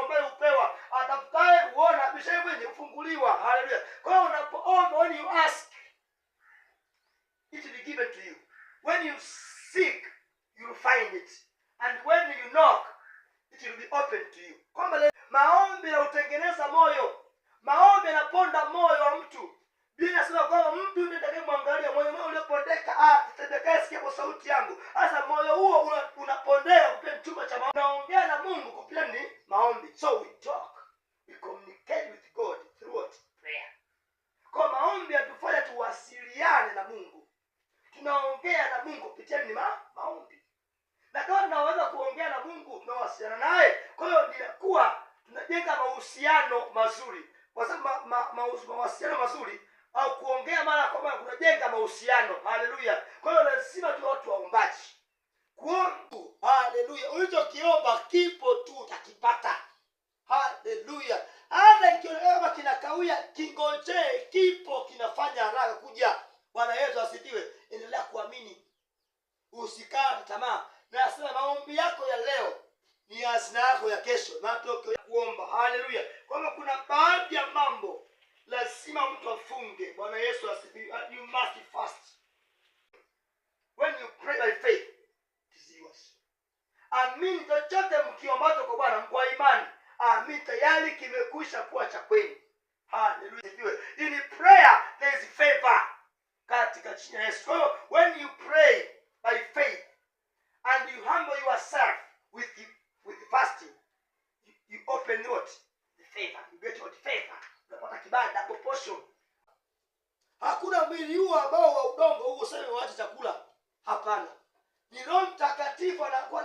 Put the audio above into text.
ambayo upewa atafutaye uona bisha hivi hufunguliwa. Haleluya! Kwa hiyo unapoomba, when you ask it will be given to you, when you seek you will find it, and when you knock it will be open to you. Kwamba maombi na utengeneza moyo, maombi yanaponda moyo wa mtu. Biblia inasema kwamba mtu ndiye atakayemwangalia moyo, wake uliopondeka, ah, tendekaye sikia kwa sauti yangu. Sasa moyo huo kupokea na Mungu kupitia ni ma, maombi, na kama tunaweza kuongea na Mungu tunawasiliana naye. Kwa hiyo ninakuwa tunajenga mahusiano mazuri, kwa sababu ma, ma, ma, mazuri au kuongea mara kwa mara kunajenga mahusiano. Haleluya! Kwa hiyo lazima tu watu waombaji. Kuomba, haleluya, ulichokiomba kipo tu, utakipata. Haleluya! hata kionekana kinakauya, kingojee, kipo kinafanya haraka kuja. Bwana Yesu asifiwe usikate tamaa. na Nasema maombi yako ya leo ni hazina yako ya kesho, matokeo ya kuomba. Haleluya! Kwamba kuna baadhi ya mambo lazima mtu afunge. Bwana Yesu asifiwe. Ah, you must fast when you pray by faith Amini, chochote mkiombacho kwa Bwana kwa imani, amini tayari kimekwisha kuwa cha kwenu. Haleluya! In prayer there is favor katika chini ya Yesu. When you pray yourself with the, with the fasting, you, you open what? The favor. You get what? Favor. Unapata kibali double portion. Hakuna mwili huu ambao wa udongo huu useme waache chakula. Hapana. Ni Roho Mtakatifu anakuwa